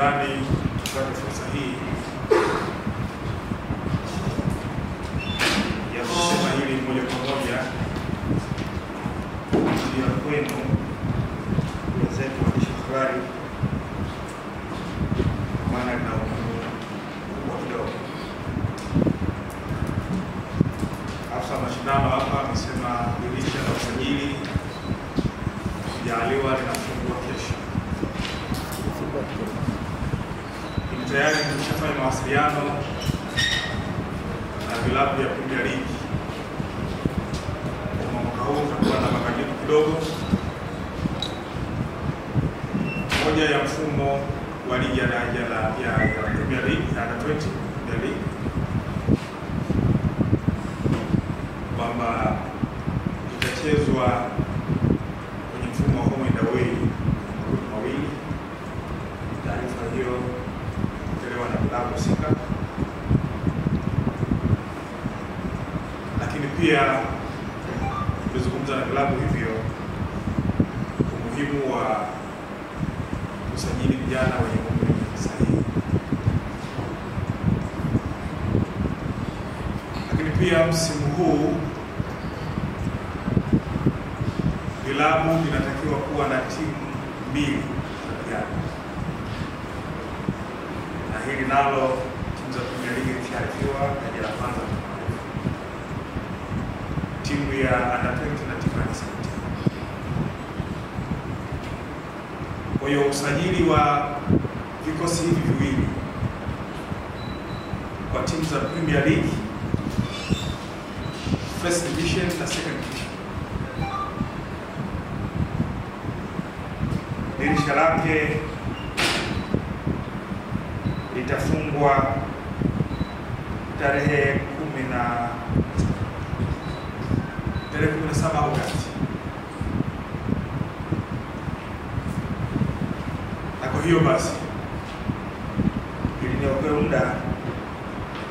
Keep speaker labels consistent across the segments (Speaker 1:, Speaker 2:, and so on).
Speaker 1: nadhani tupate fursa hii ya kusema hili moja kwa moja ya kwenu wenzetu waandishi wa habari, maana lina umuhimu mkubwa kidogo. Afisa mashindano hapa amesema dirisha la usajili jaaliwa linafungwa kesho tayari tumeshafanya mawasiliano na vilabu vya Premier League. Kwa mwaka huu tutakuwa na mabadiliko kidogo. Moja ya mfumo wa ligi ya daraja la ya, Premier League ya 20 Premier League kwamba itachezwa wadau husika, lakini pia tumezungumza na vilabu hivyo umuhimu wa kusajili vijana wenye umri sahihi, lakini pia msimu huu vilabu vinatakiwa kuwa na timu mbili nalo tunza Premier League ikiharifiwa daraja la kwanza timu ya under 20 na timu ya 17. Kwa hiyo usajili wa vikosi hivi viwili kwa timu za Premier League first division na second division, dirisha lake litafungwa tarehe kumi na tarehe kumi na saba Agosti na kwa hiyo basi iliniokoe muda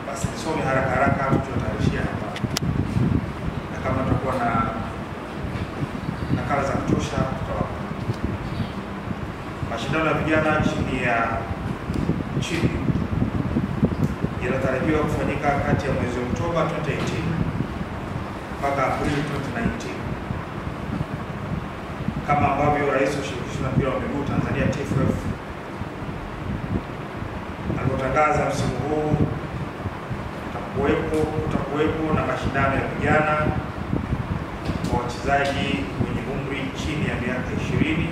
Speaker 1: basi nisome haraka haraka hapo hapa, na kama tutakuwa na nakala za kutosha tutawa mashindano ya vijana chini ya nchini inatarajiwa kufanyika kati ya mwezi Oktoba 2018 mpaka Aprili 2019 kama ambavyo Rais wa Shirikisho la Mpira wa Miguu Tanzania TFF alipotangaza msimu huu kutakuwepo na mashindano ya vijana kwa wachezaji wenye umri chini ya miaka 20,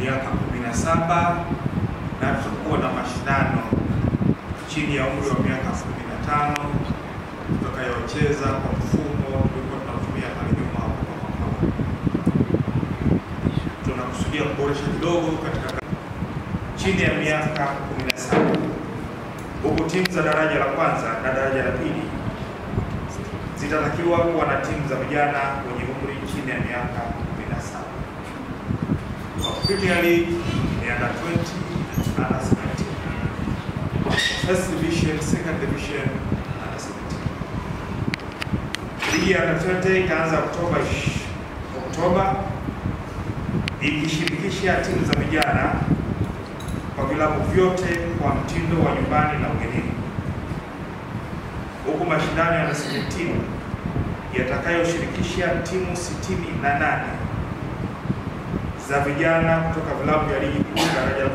Speaker 1: miaka 17 na tutakuwa na mashindano chini ya umri wa miaka 15 tutakayocheza kwa mfumo tulikuwa tunatumia pale nyuma. Tunakusudia kuboresha kidogo katika chini ya miaka 17, huku timu za daraja la kwanza na daraja la pili zitatakiwa kuwa na timu za vijana wenye umri chini ya miaka 17. Premier League ni under 20 under 17. First division, second division, under 17. Ligi ya Mtwete itaanza Oktoba Oktoba ikishirikisha timu za vijana kwa vilabu vyote kwa mtindo wa nyumbani na ugenini, huku mashindano ya nasili timu yatakayoshirikisha timu sitini na nane za vijana kutoka vilabu vya ligi kuu daraja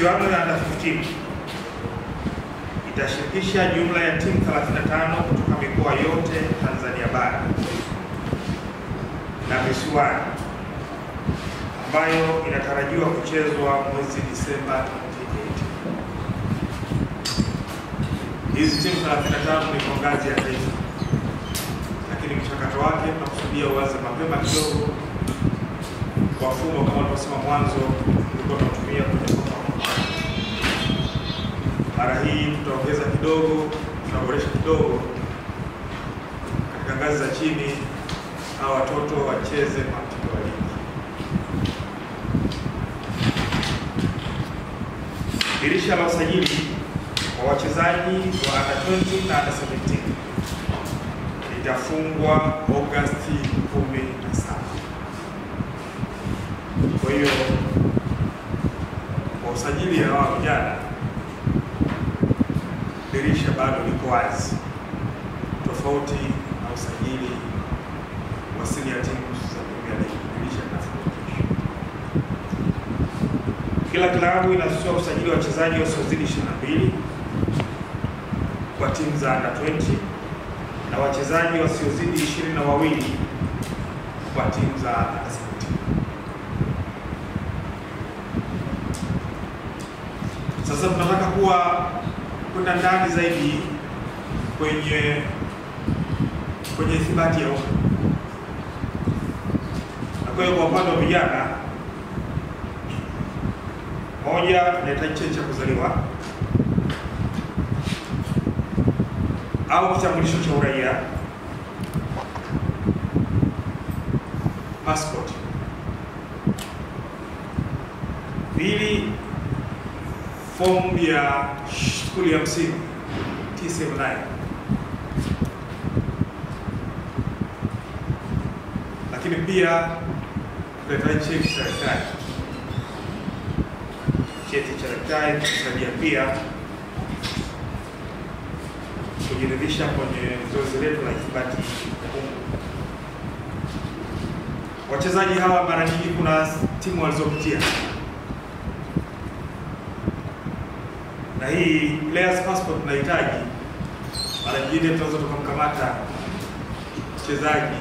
Speaker 1: michuano ya under 15 itashirikisha jumla ya timu 35 kutoka mikoa yote Tanzania bara na visiwani ambayo inatarajiwa kuchezwa mwezi Disemba 2018. Hizi timu 35 ni kwa ngazi ya taifa, lakini mchakato wake tunakusudia uanze mapema kidogo kwa fumo kama tulivyosema mwanzo ulikuwa tunatumia kwenye mara hii tutaongeza kidogo, tutaboresha kidogo katika ngazi za chini, hawa watoto wacheze kwa mtindo wa ligi. Dirisha la usajili wa wachezaji wa under 20 na under 17 itafungwa Agosti 17. Kwa hiyo kwa usajili hawa vijana dirisha bado liko wazi, tofauti na usajili wa senior teams za Premier League, dirisha linafunguliwa. Kila klabu inasusia usajili wa wachezaji wasiozidi 22 kwa timu za under 20 na wachezaji wasiozidi ishirini na wawili kwa timu za Sasa tunataka kuwa kwenda ndani zaidi kwenye kwenye ithibati ya umma. Na kwa hiyo kwa upande wa vijana, moja, tunahitaji cheti cha kuzaliwa au kitambulisho cha uraia passport. Pili, fomu ya shule ya msingi TCM9 lakini pia tutahitaji cheti cha daktari. Cheti cha daktari pia kujiridhisha kwenye zoezi letu la ithibati kumbu. Wachezaji hawa mara nyingi kuna timu walizopitia na hii players passport tunahitaji. Mara nyingine tunaweza tukamkamata mchezaji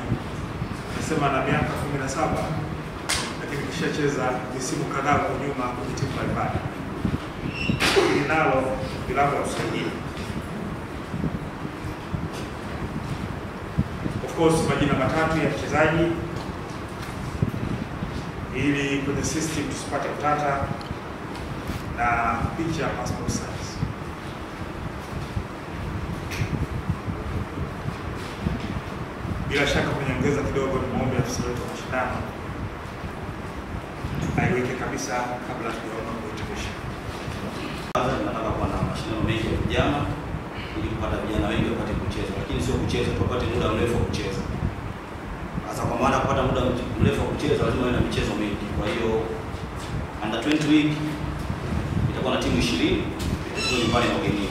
Speaker 1: nasema na miaka saba lakini kishacheza misimu kadhaa kwa nyuma kwenye timu mbalimbali. Hili nalo vilago ya usajili of course, majina matatu ya mchezaji ili kwenye system tusipate utata na picha passport Bila shaka kunyongeza kidogo, ni ya afisa wetu wa mashindano aiweke kabisa kabla tujaona kuhitimisha.
Speaker 2: Kwanza tunataka kuwa na mashindano mengi ya vijana ili kupata vijana wengi wapate kucheza, lakini sio kucheza tupate muda mrefu wa kucheza. Sasa kwa maana kupata muda mrefu wa kucheza lazima uwe na michezo mingi. Kwa hiyo under 20 week itakuwa na timu 20 itacheza nyumbani na ugenini,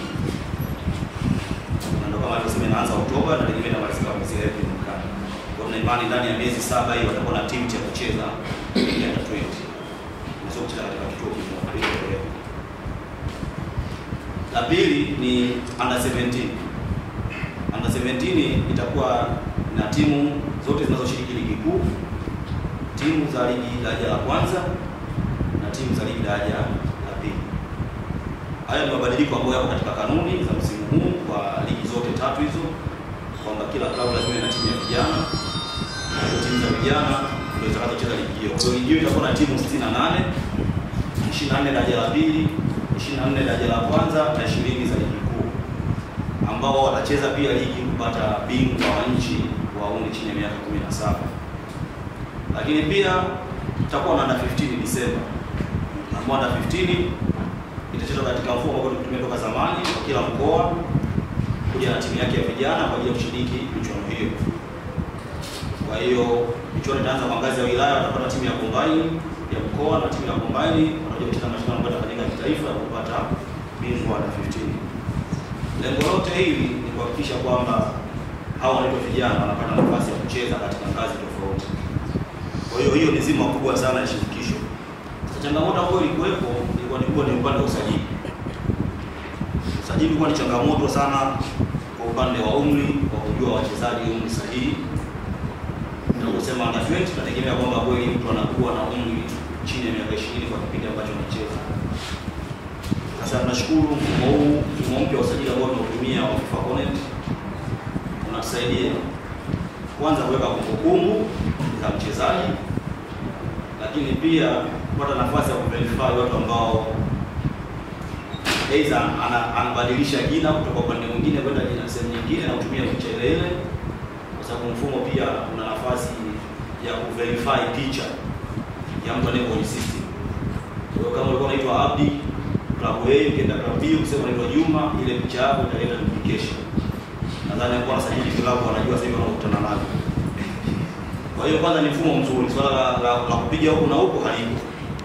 Speaker 2: na ndio kama alivyosema inaanza Oktoba na lingine inamalizika mwezi Aprili tuna imani ndani ya miezi saba hii watakuwa na timu cha kucheza under 20 La pili ni under 17. Under 17 itakuwa na timu zote zinazoshiriki ligi kuu, timu za ligi daraja la kwanza na timu za ligi daraja la pili. Haya ni mabadiliko ambayo yako katika kanuni za msimu huu kwa ligi zote tatu hizo, kwamba kila klabu lazima ina timu ya vijana timu za vijana ndio zitakazocheza ligi hiyo. Kwa hiyo ligi hiyo itakuwa na timu 68, 24 daraja la pili, 24 daraja la kwanza na 20 za ligi kuu ambao watacheza pia ligi kupata bingwa wa nchi wa umri chini ya miaka 17. Lakini pia tutakuwa na under 15 Disemba na under 15 itachezwa katika mfumo ambao tumetumia toka zamani kwa kila mkoa kuja na timu yake ya vijana kwa ajili ya kushiriki michuano hiyo. Kwa hiyo michuano itaanza kwa ngazi ya wilaya, watakuwa timu ya kombaini ya mkoa na timu ya kombaini, watakuja kucheza mashindano ambayo yatafanyika kitaifa ya kupata bingwa na 15. Lengo lote hili ni kuhakikisha kwamba hao wanaitwa vijana wanapata nafasi ya kucheza katika ngazi tofauti. Kwa hiyo hiyo ni zima kubwa sana ya shirikisho. Changamoto ambayo ilikuwepo ilikuwa ni kubwa ni upande wa usajili. Usajili ulikuwa ni changamoto sana kwa upande wa umri, kwa kujua wachezaji umri sahihi kusema under 20 tunategemea kwamba kweli mtu anakuwa na umri chini ya miaka 20 kwa kipindi ambacho anacheza. Sasa tunashukuru mfumo huu, mfumo mpya wa usajili ambao tunatumia wa FIFA Connect unatusaidia kwanza kuweka kumbukumbu za mchezaji, lakini pia kupata nafasi ya kuverify watu ambao aidha anabadilisha jina kutoka upande mwingine kwenda jina sehemu nyingine na kutumia picha ile ile, kwa sababu mfumo pia una nafasi ya kuverify teacher ya mtu anaye kwenye system. Kwa hiyo kama ulikuwa unaitwa Abdi klabu A ukienda klabu B ukisema unaitwa Juma, ile picha yako italeta notification. Nadhani kwa sasa hivi klabu wanajua sasa hivi wanakutana nani. Kwa hiyo kwanza ni mfumo mzuri, swala la, la, la kupiga huko na huko halipo,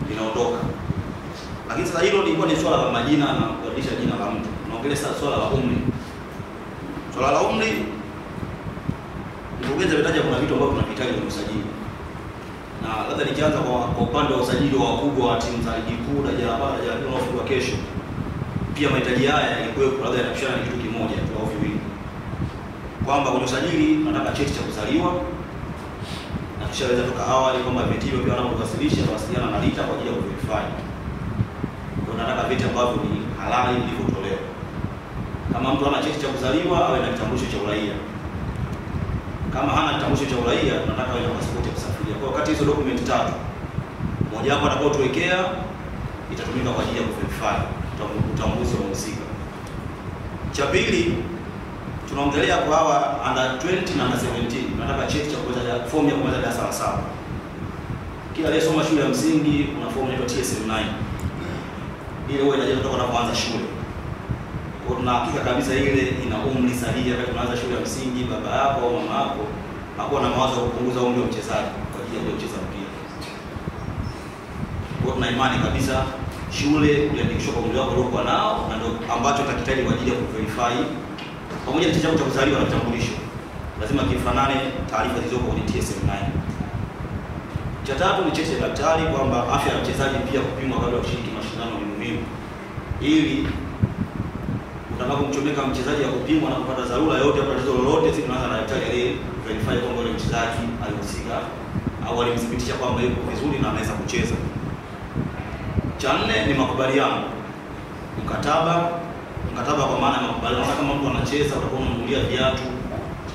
Speaker 2: linaondoka. Lakini sasa hilo lilikuwa ni swala la majina na kubadilisha jina la mtu. Naongelea sasa swala la umri. Swala la umri mkurugenzi ametaja kuna vitu ambavyo tunahitaji kwenye usajili na labda nikianza kwa upande wa usajili wa wakubwa wa timu za ligi kuu daraja la bara, daraja la pili kesho, pia mahitaji haya yalikuwepo, labda yanapishana kitu kimoja tu au viwili, kwamba kwenye usajili nataka cheti cha kuzaliwa na kisha tushaweza toka awali kwamba vitivyo pia pia kuwasilisha wasiliana na lita kwa ajili ya kuverify. Kwa nataka vitu ambavyo ni halali vilivyotolewa. Kama mtu ana cheti cha kuzaliwa awe na kitambulisho cha uraia. Kama hana kitambulisho cha uraia, tunataka awe na pasipoti kwa wakati hizo document tatu, moja wapo atakayo tuwekea itatumika kwa ajili ya kuverify utambuzi wa mhusika. Cha pili tunaongelea kwa hawa under 20 na under 17, tunataka cheti cha kuweza ya form ya kuweza darasa la saba. Kila aliyesoma shule ya msingi una form inaitwa TSM9 ile huwa inajaza kutoka unapoanza shule. Kwa tuna hakika kabisa ile ina umri sahihi wakati unaanza shule ya msingi, baba yako au mama yako hakuwa na mawazo ya kupunguza umri wa mchezaji ya kucheza mpira. Kwa tuna imani kabisa shule uliandikishwa kwa umri wako uliokuwa nao na ndio ambacho utakitaji kwa ajili ya kuverify pamoja na cheti chako cha kuzaliwa na kitambulisho. Lazima kifanane taarifa zilizoko kwenye TSM9. Cha tatu ni cheti cha daktari kwamba afya ya mchezaji pia kupimwa kabla ya kushiriki mashindano ni muhimu ili utakapochomeka mchezaji ya kupimwa na kupata dharura yote au tatizo lolote, sisi tunaanza na daktari aliye verify kwamba ni mchezaji alihusika au alimthibitisha kwamba yuko vizuri na anaweza kucheza. Cha nne ni makubaliano, mkataba. Mkataba kwa maana ya makubaliano, kama mtu anacheza utakuwa unamnunulia viatu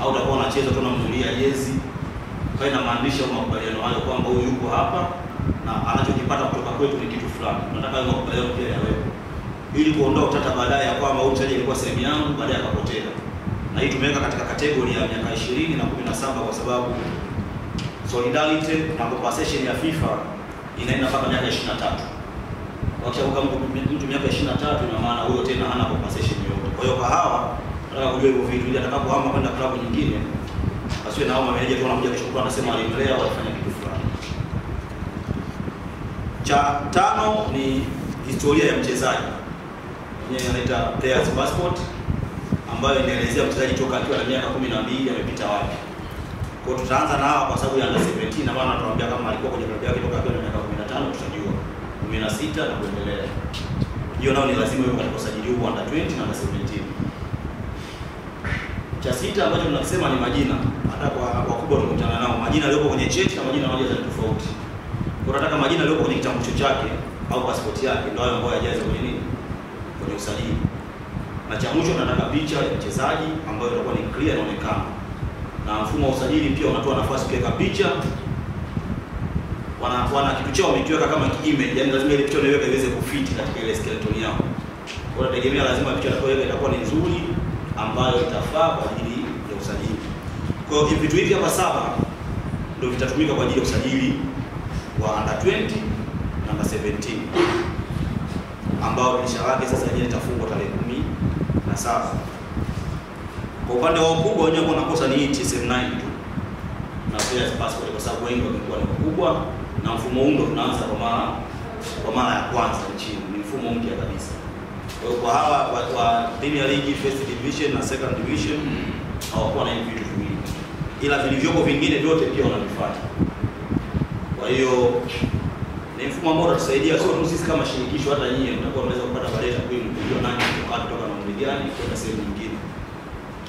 Speaker 2: au utakuwa anacheza tu unamnunulia jezi, kwa ina maanisha makubaliano hayo kwamba huyu yuko hapa na anachokipata kutoka kwetu ni kitu fulani, tunataka hayo makubaliano pia yawepo ili kuondoa utata baadaye ya kwamba huyu mchezaji alikuwa sehemu yangu, baadaye akapotea. Na hii tumeweka katika kategoria ya miaka 20 na 17 kwa sababu solidarity na compensation ya FIFA inaenda mpaka miaka 23. Wakati kama mtu miaka 23, ina maana huyo tena hana compensation yoyote. Kwa hiyo kwa hawa nataka kujua hivyo vitu ili atakapohama kwenda klabu nyingine asiwe na hao mameneja tu wanakuja kesho kwa anasema alimlea au afanya kitu fulani. Cha tano ni historia ya mchezaji yenyewe anaita players passport ambayo inaelezea mchezaji toka akiwa na miaka 12 amepita wapi kwa tutaanza na hawa kwa sababu ya under 17 na maana tunawaambia kama alikuwa kwenye klabu yake toka akiwa na miaka 15 tutajua 16 na kuendelea. Hiyo nao ni lazima iwe katika usajili huu under 20 na under 17. Cha sita ambacho tunasema ni majina. Hata kwa wakubwa tunakutana nao, majina yaliyo kwenye cheti na majina yaliyo ni tofauti. kwa nataka majina yaliyo kwenye kitambulisho chake au pasipoti yake ndio hayo ambayo yajaze kwenye nini? Kwenye usajili. Na cha mwisho tunataka picha ya mchezaji ambayo itakuwa ni clear inaonekana na mfumo wa usajili pia unatoa nafasi ukiweka picha wana, wana kitu chao wamekiweka kama email, yani lazima ile picha unaiweka iweze kufiti katika ile skeleton yao. Kwa hiyo tegemea lazima picha utakayoweka itakuwa ni nzuri ambayo itafaa kwa ajili ya usajili. Kwa hiyo vitu hivi hapa saba ndio vitatumika kwa ajili ya usajili wa under 20 na under 17 ambao dirisha lake sasa yenyewe litafungwa tarehe 17. Kwa upande wa ukubwa wenyewe kuna kosa ni inchi 79 tu. Na pia passport kwa sababu wengi wamekuwa ni wakubwa na mfumo huu ndo tunaanza kwa mara kwa mara ya kwanza nchini. Ni mfumo mpya kabisa. Kwa hiyo kwa hawa kwa, kwa Premier League First Division na Second Division mm-hmm. hawakuwa na vitu vingi. Ila vilivyoko vingine vyote pia wanavifuata. Kwa hiyo ni mfumo ambao utatusaidia sio tu sisi kama shirikisho, hata nyinyi mtakuwa mnaweza kupata baadaye takwimu kujua nani kutoka na umri gani kwenda sehemu nyingine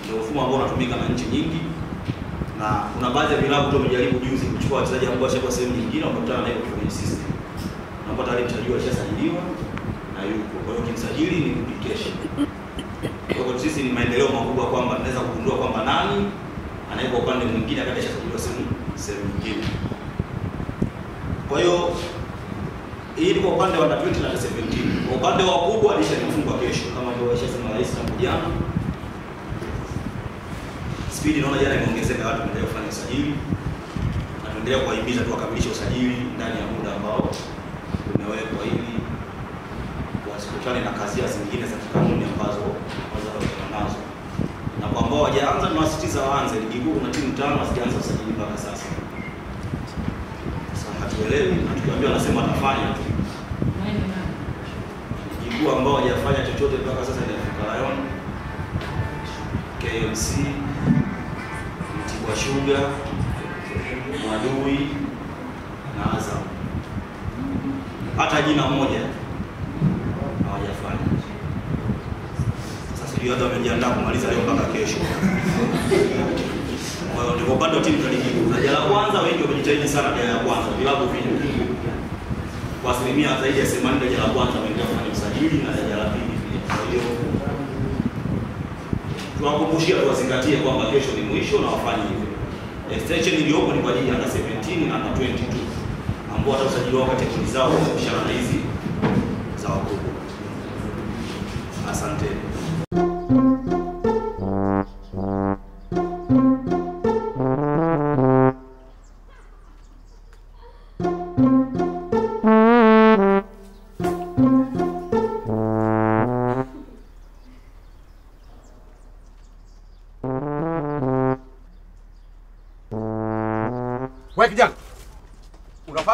Speaker 2: ndio mfumo ambao unatumika na nchi nyingi, na kuna baadhi ya vilabu tu wamejaribu juzi kuchukua wachezaji ambao washakuwa sehemu nyingine, wamekutana naye kwenye system, unakuwa tayari mchezaji alishasajiliwa na yuko kwa hiyo, kimsajili ni application. Kwa hiyo sisi ni maendeleo makubwa kwamba tunaweza kugundua kwamba nani anaweka upande mwingine akati ashasajiliwa sehemu sehemu nyingine. Kwa hiyo hii ni kwa upande wa 2017 Kwa upande wa kubwa alishalifungwa kesho kama ndio alishasema rais tangu jana spidi naona jana imeongezeka, watu wanaendelea kufanya usajili na tuendelea kuwahimiza tu wakamilishe usajili ndani ya muda ambao umewekwa, ili wasikutane na kazi zingine za kikanuni ambazo wazaa nazo, na kwa ambao wajaanza tunawasitiza waanze. Ligi kuu kuna timu tano hazijaanza usajili mpaka sasa. Sasa hatuelewi, na tukiambiwa anasema atafanya tu, ligi kuu ambao hawajafanya chochote mpaka sasa KMC, Mtibwa Sugar, Mwadui na Azam, hata jina moja hawajafanya. Sasa sijui watu wamejiandaa kumaliza leo mpaka kesho. Kwa hiyo ndivyo bado timu za ligi kuu. Daraja la kwanza wengi wamejitahidi sana daraja la kwanza, vilabu vingi kwa asilimia zaidi ya 80 daraja la kwanza wengi wamefanya usajili na daraja la pili tuwakumbushia tuwazingatie kwamba kesho ni mwisho na wafanye hivyo. Extension iliyopo ni kwa ajili ya under 17 na under 22 ambao hata usajili wao katika kundi zao kwa ishara hizi za wakubwa. Asante.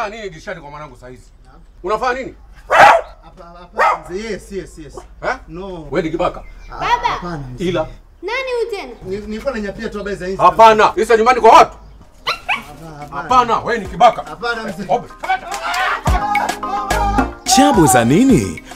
Speaker 3: unafanya nini dirishani kwa mwanangu saa hizi? Unafanya nini?
Speaker 4: Hapa Yes, yes, yes. Eh? No.
Speaker 3: Wewe ni kibaka.
Speaker 5: Ah, Baba. Hapana. Ila. Nani huyu
Speaker 4: tena? Nilikuwa nanyapia tu habari za hizi.
Speaker 3: Hapana. Isa nyumbani kwa watu. Hapana, wewe ni kibaka. Hapana mzee.
Speaker 6: Chabu za nini?